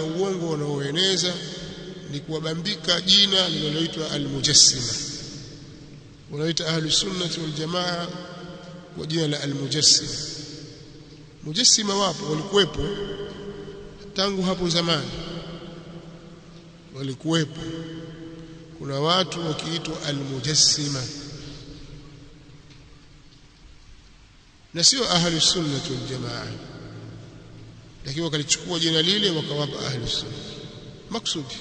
za uongo wanaoeneza ni kuwabambika jina linaloitwa almujassima wanaoita ahlusunnati waljamaa kwa jina la almujassima mujassima wapo walikuwepo tangu hapo zamani walikuwepo kuna watu wakiitwa almujassima na sio ahlusunnati waljamaa lakini wakalichukua jina lile wakawapa sunna maksudi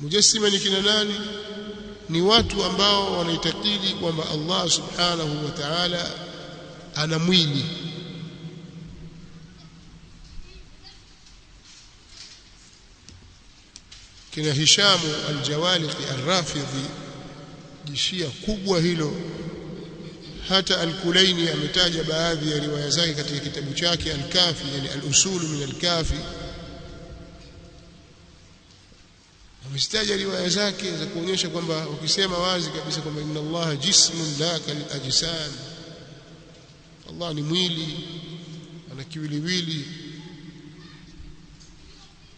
mujassima ni kina nani ni watu ambao wanaitakidi kwamba Allah subhanahu wa ta'ala ana mwili kina Hishamu aljawaliki jawaliqi jishia kubwa hilo hata Al-Kulaini ametaja baadhi ya riwaya zake katika kitabu chake Al-Kafi, yani Al-Usulu min Al-Kafi. Amezitaja riwaya zake za kuonyesha kwamba ukisema wazi kabisa kwamba inna Allaha jismun la kal ajsam, Allah ni mwili, ana kiwiliwili.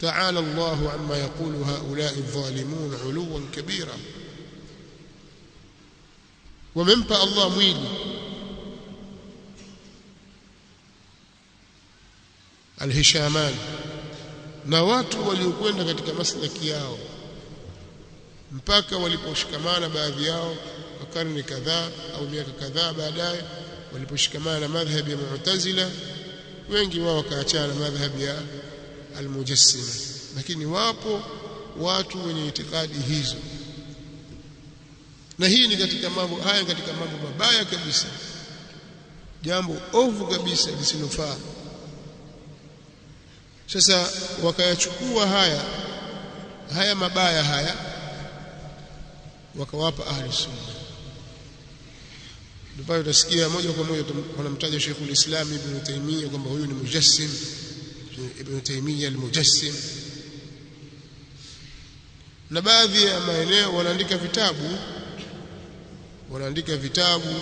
Taala Allahu amma yaqulu haulai dhalimun uluwan kabira wamempa Allah mwili alhishaman na watu waliokwenda katika maslaki yao mpaka waliposhikamana baadhi yao kwa karne kadhaa au miaka kadhaa baadaye waliposhikamana na madhhabi ya Mu'tazila wengi wao wakaachana na madhhabi ya Al-Mujassima lakini wapo watu wenye itikadi hizo na hii ni katika mambo hayo katika mambo mabaya kabisa jambo ovu kabisa lisilofaa sasa wakayachukua haya haya mabaya haya wakawapa ahli sunna ndipo utasikia moja kwa moja wanamtaja Sheikhul Islam Ibn Taymiyyah kwamba huyu ni mujassim Ibn Taymiyyah al-mujassim na baadhi ya maeneo wanaandika vitabu wanaandika vitabu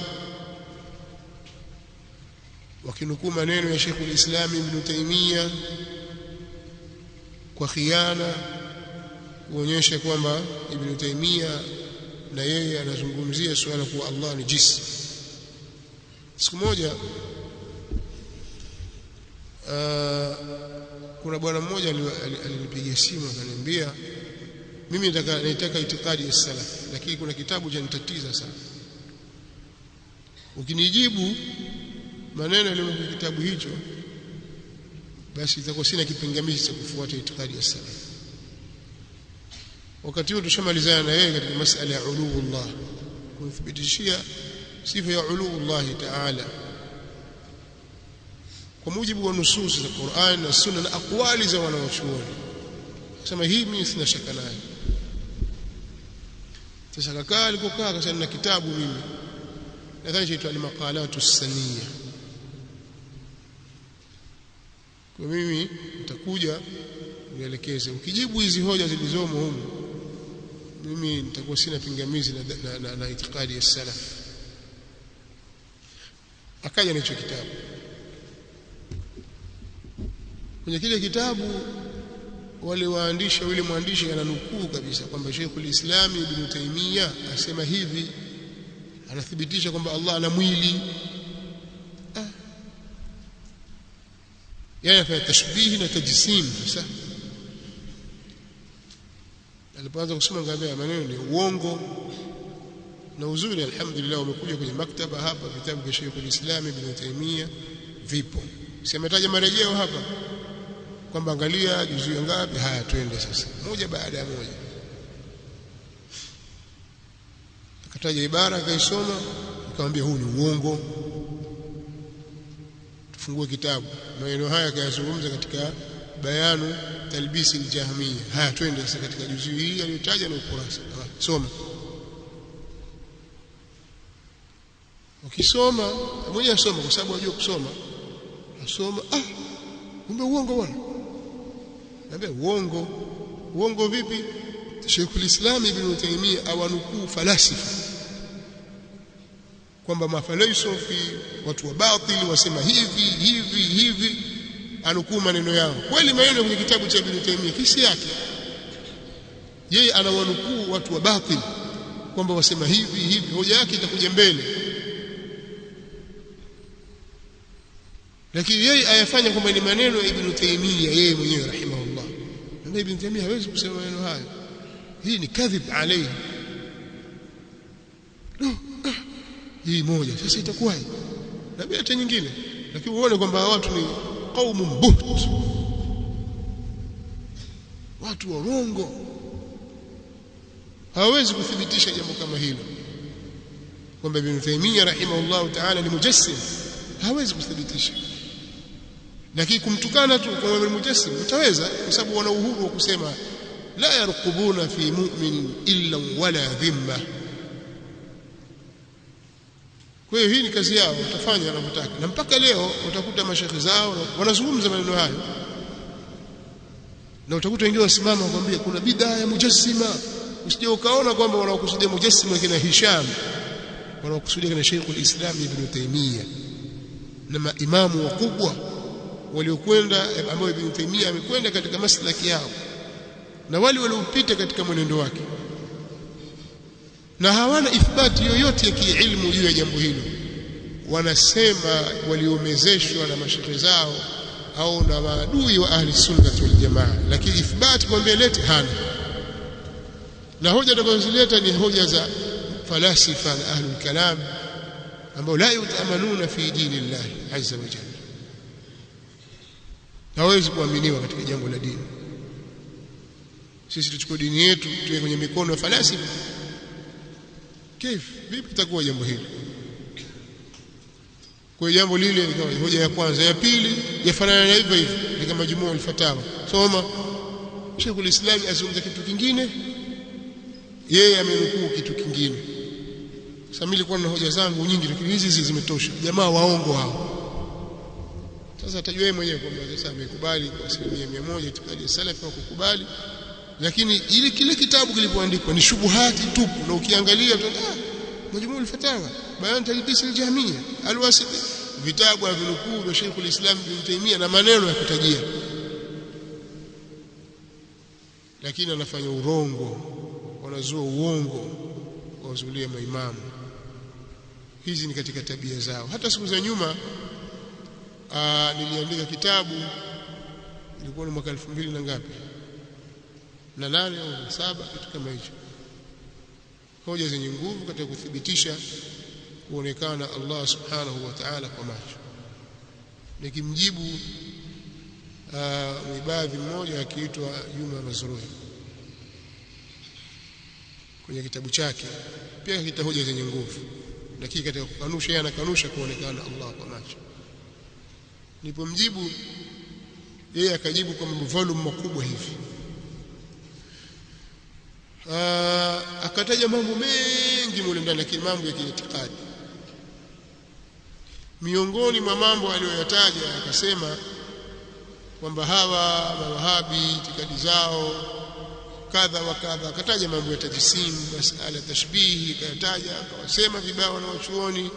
wakinukuu maneno ya Sheikh ulislami Ibn Taymiyyah kwa khiana kuonyesha kwamba Ibn Taymiyyah na yeye anazungumzia suala kuwa Allah ni jisi Siku moja uh, kuna bwana mmoja alinipigia simu akaniambia, mimi nataka nataka itikadi ya salaf, lakini kuna kitabu cha nitatiza sana ukinijibu maneno yaliyo kwenye kitabu hicho basi itakuwa sina kipingamizi cha kufuata itikadi ya salaf wakati huo tushamalizana na yeye katika masala ya llah kumthibitishia sifa ya llahi taala kwa mujibu wa nususi za Qur'an na Sunna na akwali za wanawachuoni sema hii mimi sina shaka nayo sasa kakaa alikokaa akasema na kitabu mimi nadhani chaitwa ni maqalatu sania kwa mimi nitakuja nielekeze ukijibu hizi hoja zilizomo humu mimi nitakuwa sina pingamizi na, na, na, na itikadi ya salaf akaja nicho kitabu kwenye kile kitabu wale waandishi yule mwandishi ananukuu kabisa kwamba Sheikhul Islam Ibn Taymiyyah asema hivi anathibitisha kwamba Allah ana mwili ah. yeye anafanya tashbihi na tajsim sasa alipoanza kusoma ya maneno ni uongo na uzuri alhamdulillah umekuja kwenye maktaba hapa vitabu vya Sheikh al-Islam Ibn Taymiyyah vipo si ametaja marejeo hapa kwamba angalia juzu ngapi haya twende sasa moja baada ya moja kutaja ibara akaisoma nikamwambia huu ni uongo tufungue kitabu maneno haya akayazungumza katika bayanu talbisi ljahmia haya twende sasa katika juzu hii aliyotaja na ukurasa soma ukisoma mmoja asoma kwa sababu ajua kusoma asoma ah kumbe uongo bwana naambia uongo uongo vipi Sheikh Islam Ibn Taymiyyah awanukuu falasifa kwamba mafalsafi watu wa batili wasema hivi hivi hivi, anukuu maneno yao. Kweli maneno kwenye kitabu cha Ibn Taymiyyah kisi yake yeye anawanukuu watu wa batili kwamba wasema hivi hivi, hoja yake itakuja mbele, lakini yeye ayafanya kwamba ni maneno ya Ibn Taymiyyah yeye mwenyewe rahimahullah. Na Ibn Taymiyyah hawezi kusema maneno hayo, hii ni kadhib alayhi hii moja sasa itakuwaje na bid'a nyingine lakini uone kwamba watu ni qaumun buht watu warongo hawawezi kuthibitisha jambo kama hilo kwamba Ibn Taymiyyah rahimahullahu ta'ala ni mujassim hawezi kuthibitisha lakini kumtukana tu kwa ni Mujassim utaweza kwa sababu wana uhuru wa kusema la yarqubuna fi mu'min illa wala dhimma kwa hiyo hii ni kazi yao, watafanya wanavyotaka, na mpaka leo utakuta mashekhe zao wanazungumza maneno hayo, na utakuta wengine wasimama wakwambia kuna bidhaa ya mujassima. Usije ukaona kwamba wanaokusudia mujassima kina Hisham, wanaokusudia kina Sheikhul Islam Ibn Taymiyyah na maimamu wakubwa waliokwenda, ambao Ibn Taymiyyah amekwenda katika maslaki yao na wale waliopita katika mwenendo wake na hawana ithbati yoyote ya kiilmu juu ya jambo hilo. Wanasema waliomezeshwa na mashehe zao au na maadui wa ahli sunnati wal jamaa, lakini ithbati kwambia lete hana, na hoja atakazozileta ni hoja za falasifa na ahlulkalam kalam ambao la yutamanuna fi dini llahi azza wa jalla, hawezi kuaminiwa katika jambo la dini. Sisi tuchukue dini yetu tuwe kwenye mikono ya falasifa kifu vipi itakuwa jambo hili? Kwa hiyo jambo lile kama hoja ya kwanza. Ya pili yafanana na hivyo hivyo katika majumua alfatawa, soma Sheikhul Islam azungumza kitu kingine, yeye amenukuu kitu kingine. Sasa mimi nilikuwa na hoja zangu nyingi, lakini hizi hizi zimetosha. Jamaa waongo hao. Sasa atajua yeye mwenyewe kwamba sasa amekubali kwa asilimia mia moja itikadi ya salafi wa kukubali lakini ile kile kitabu kilipoandikwa ni shubuhati tupu, na ukiangalia ah, Majmuu al-Fatawa, Bayan Talbis al-Jahmiya, vitabu vya nukuu vya Sheikh ulislam islam Ibn Taymiyyah na maneno ya kutajia, lakini anafanya urongo, wanazua uongo, wazulie maimamu. Hizi ni katika tabia zao. Hata siku za nyuma ah, niliandika kitabu, ilikuwa ni mwaka elfu mbili na ngapi na nane au saba kitu kama hicho hoja zenye nguvu katika kuthibitisha kuonekana Allah subhanahu wa ta'ala kwa macho nikimjibu uh, mwibadhi mmoja akiitwa Juma Mazrui kwenye kitabu chake pia kita hoja zenye nguvu lakini katika kukanusha yeye anakanusha kuonekana Allah kwa macho mjibu yeye akajibu kwa mambo volume makubwa hivi Ah, akataja mambo mengi mule ndani ya mambo ya kiitikadi miongoni mwa mambo aliyoyataja akasema kwamba hawa mawahabi itikadi zao kadha wa kadha akataja mambo ya tajisimu masala tashbihi akayataja akawasema vibaya wanawachuoni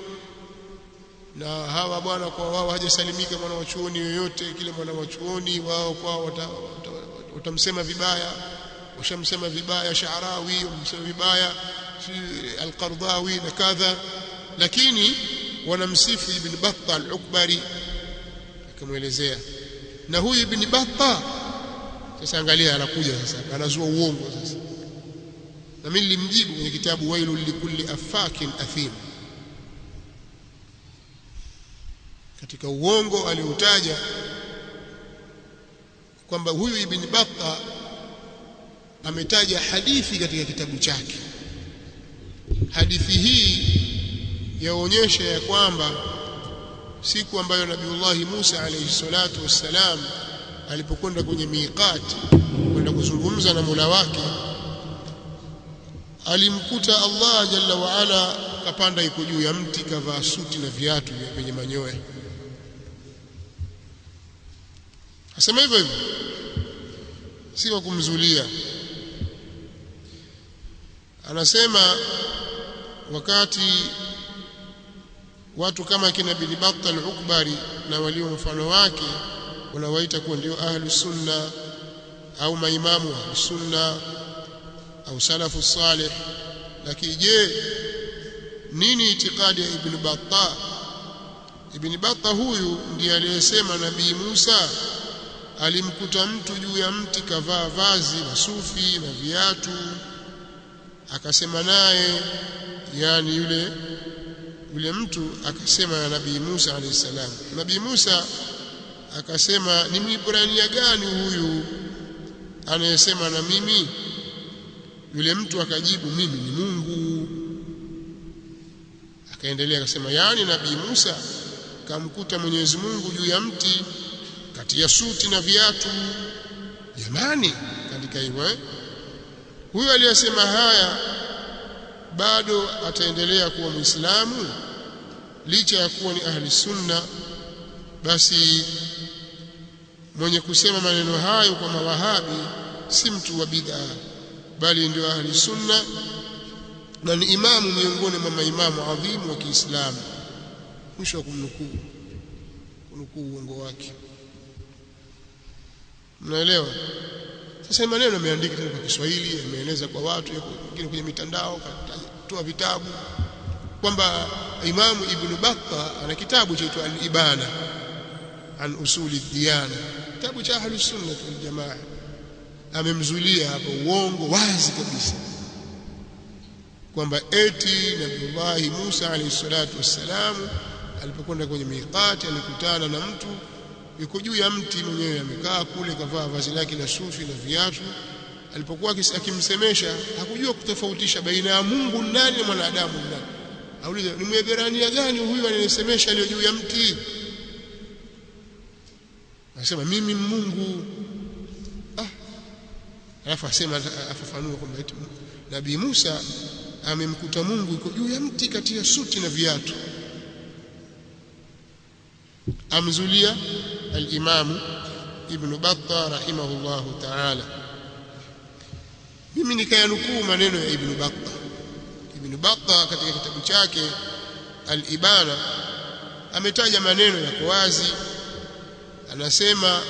na hawa bwana kwa wao hajasalimika mwana wachuoni yoyote kile mwana wachuoni wao kwao watamsema wata, wata, wata, wata vibaya وشمسما فيبايا شعراوي في وشمسما في القرضاوي لكذا لكني ونمسف ابن بطة العكبري كما يلزيا نهوي ابن بطة تسانغاليا على كوجة على زوى وونغ نمين لمجيب من كتاب ويل لكل أفاك أثيم katika uongo كما هو huyu بطة ametaja hadithi katika kitabu chake. Hadithi hii yaonyesha ya kwamba siku ambayo Nabiullahi Musa alayhi salatu wassalam alipokwenda kwenye miqat kwenda kuzungumza na mula wake, alimkuta Allah jalla waala kapanda, iko juu ya mti, kavaa suti na viatu vyenye manyoya. Asema hivyo hivyo, si wa kumzulia anasema wakati watu kama kina bakta al-Ukbari na walio mfano wake wanawaita kuwa ndio ahlu sunna au maimamu wa sunna au salafu salih lakini je nini itikadi ya ibn batta ibn batta huyu ndiye aliyesema nabii Musa alimkuta mtu juu ya mti kavaa vazi na sufi na viatu akasema naye, yani yule yule mtu akasema na Nabii Musa alayhi salam. Nabii Musa akasema, ni Mwibrania gani huyu anayesema na mimi? Yule mtu akajibu, mimi ni Mungu. Akaendelea akasema, yaani Nabii Musa kamkuta Mwenyezi Mungu juu ya mti kati ya suti na viatu. Jamani, kaandika hivyo eh? huyu aliyesema haya bado ataendelea kuwa Muislamu licha ya kuwa ni ahli sunna? Basi mwenye kusema maneno hayo kwa mawahabi si mtu wa bid'a, bali ndio ahli sunna na ni imamu miongoni mwa maimamu adhimu wa Kiislamu. Mwisho wa kumnukuu, kunukuu uongo wake. Mnaelewa? sasa maneno ameandika kwa Kiswahili ameeleza kwa watu wengine kwenye mitandao katoa vitabu kwamba Imamu Ibn Battah ana kitabu chaitwa Al-Ibana an usuli diyana kitabu cha ahli Sunnah wal jamaa amemzulia hapo uongo wazi kabisa kwamba eti Nabiullahi Musa alayhi salatu wassalam alipokwenda kwenye miqati alikutana na mtu yuko juu ya mti mwenyewe amekaa kule kavaa vazi lake la sufi na viatu alipokuwa akimsemesha hakujua kutofautisha baina ya Mungu ndani na mwanadamu ndani auliza ni mwebrania gani huyu anayesemesha aliyo juu ya mti anasema mimi Mungu ah alafu asema afafanua kwamba Nabii Musa amemkuta Mungu yuko juu ya mti kati ya suti na viatu amzulia alimamu ibnu batta rahimahullahu taala mimi nikayanukuu maneno ya ibnu batta ibnu batta katika kitabu chake al ibana ametaja maneno yako wazi anasema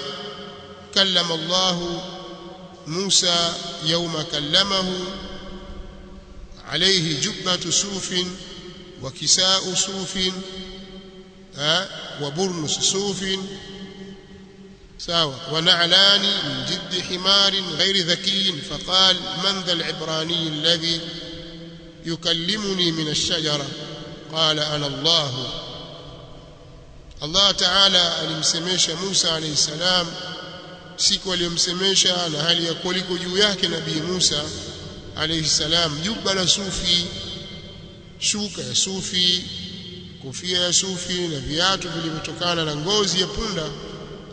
kallama Allahu Musa yauma kallamahu alayhi jubbatu sufin wa kisau sufin wa burnus sufin sawa wanalani min jiddi himarin ghairi dhakiin faqal man dha alibraniyi alladhi yukallimuni min alshajara qala ana llahu allah taala alimsemesha musa alaihi salam siku aliyomsemesha na hali ya kuwa juu yake nabii musa alaihi salam juba la sufi shuka ya sufi kofia ya sufi na viatu vilivyotokana na ngozi ya punda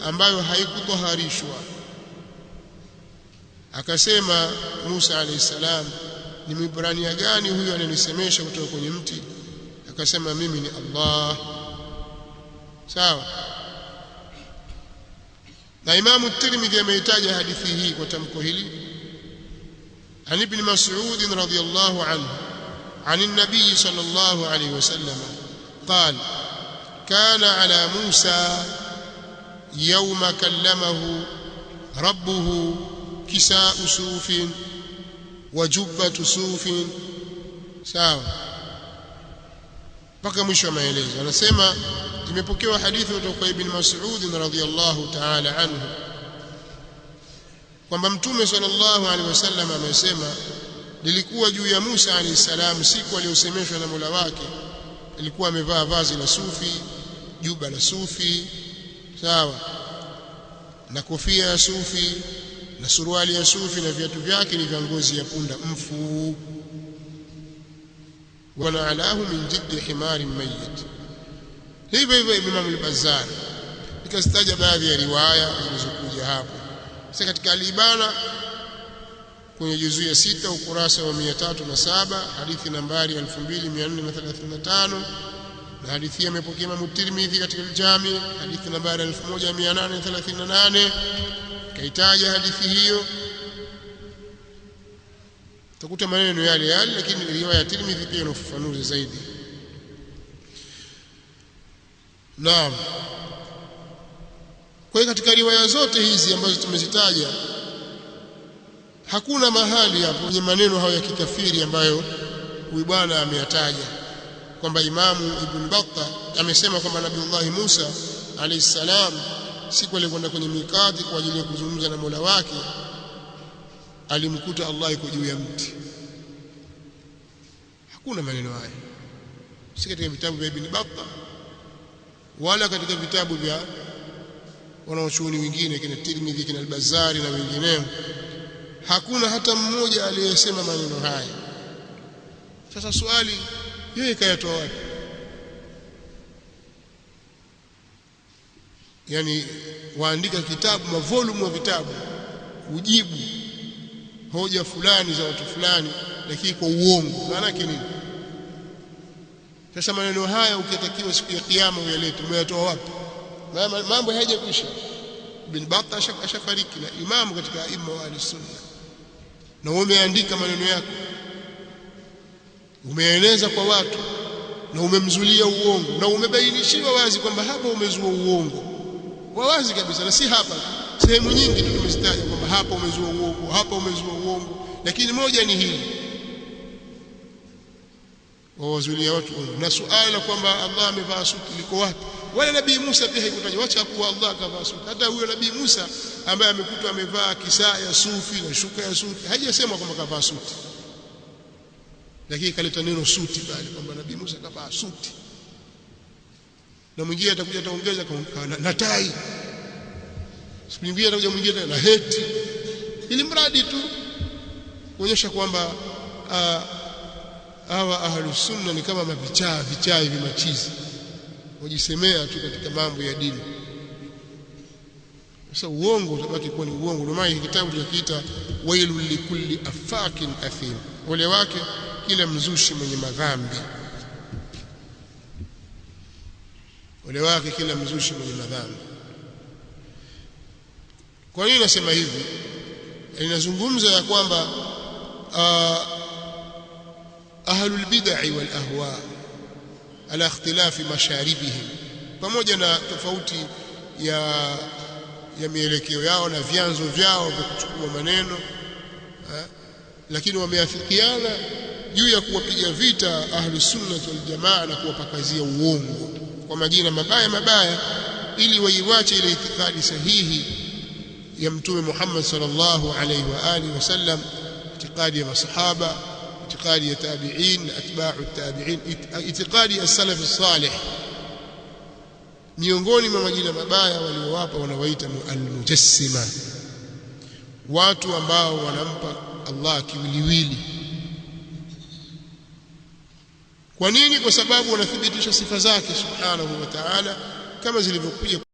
ambayo haikutoharishwa akasema Musa alayhi salam ni mibrania gani huyu ananisemesha kutoka kwenye mti akasema mimi ni Allah sawa na Imamu Tirmidhi ameitaja hadithi hii kwa tamko hili عن ابن مسعود رضي الله عنه عن النبي صلى الله عليه وسلم قال كان على موسى يوم كلمه kisau sufin wa وجبة sufin sawa mpaka mwisho wa maelezo anasema imepokewa hadithi kutoka ibn Mas'ud radhiyallahu ta'ala anhu kwamba mtume sallallahu alaihi wasallam amesema lilikuwa juu ya Musa alayhi salam siku aliyosemeshwa na Mola wake alikuwa amevaa vazi la sufi juba la sufi sawa na kofia ya sufi na suruali ya sufi na viatu vyake ni vya ngozi ya punda mfu wala alahu min jiddi himari mayit hivyo hivyo Imam al-Bazzar baadhi ya riwaya zilizokuja hapo sasa katika alibana ibana kwenye juzuu ya sita ukurasa wa 307 hadithi nambari 2435 hadithi amepokea Imam Tirmidhi katika Jami hadithi nambari 1838 kaitaja hadithi hiyo utakuta maneno yale yale lakini riwaya ya Tirmidhi pia ina ufafanuzi zaidi naam kwa hiyo katika riwaya zote hizi ambazo tumezitaja hakuna mahali hapo kwenye maneno hayo ya kikafiri ambayo huyu bwana ameyataja kwamba Imamu Ibn Battah amesema kwamba Nabiullahi Musa alayhi salam siku alikwenda kwenye mikati kwa ajili ya kuzungumza na Mola wake alimkuta Allah yuko juu ya mti. Hakuna maneno haya si katika vitabu vya Ibn Battah wala katika vitabu vya wanaochuoni wengine kina Tirmidhi kina al na wengineo, hakuna hata mmoja aliyesema maneno haya. Sasa swali hiyo kayatoa wapi yani waandika kitabu mavolumu wa vitabu ujibu hoja fulani za watu fulani lakini kwa uongo maana yake nini sasa maneno haya ukitakiwa siku ya kiyama uyalete umeyatoa wapi mambo hayajakwisha bin Battah ashafariki na imamu katika aima wa sunna na umeandika maneno yako umeeleza kwa watu na umemzulia uongo na umebainishiwa wazi kwamba hapa umezua uongo kwa wazi kabisa, na si hapa, sehemu nyingi tu tumezitaja kwamba hapa umezua uongo, hapa umezua uongo, lakini moja ni hili, wawazulia watu uongo. Na suala kwamba Allah amevaa suti liko wapi? Wala Nabii Musa pia haikutaja, wacha kuwa Allah akavaa suti. Hata huyo Nabii Musa ambaye amekutwa amevaa kisaa ya sufi na shuka ya sufi, haijasemwa kwamba kavaa suti lakini kaleta neno suti pale kwamba nabii Musa kavaa suti na mwingine atakuja ataongeza na, na tai siku nyingine atakuja mwingine na heti ili mradi tu kuonyesha kwamba hawa ahlusunna sunna ni kama mavichaa hivi vimachizi wajisemea tu katika mambo ya dini sasa uongo utabaki kuwa ni uongo ndio maana kitabu kinakiita wailu likulli afakin athim ole wake kila mzushi mwenye madhambi ole wake kila mzushi mwenye madhambi kwa hiyo nasema hivi inazungumza ya kwamba ah, ahlul bid'ah wal ahwa ala ikhtilafi masharibihim pamoja na tofauti ya ya mielekeo yao na vyanzo vyao vya kuchukua maneno ha? Ah, lakini wameafikiana juu ya kuwapiga vita ahlusunnati waljamaa na kuwapakazia uongo kwa majina mabaya mabaya, ili waiwache ile itikadi sahihi ya Mtume Muhammad sallallahu alaihi wa alihi wasallam, itikadi ya masahaba, itikadi ya tabi'in na atba'u tabi'in, itikadi ya salaf salih. Miongoni mwa majina mabaya waliowapa wanawaita almujassima, watu ambao wanampa Allah kiwiliwili kwa nini kwa sababu wanathibitisha sifa zake subhanahu wa ta'ala kama zilivyokuja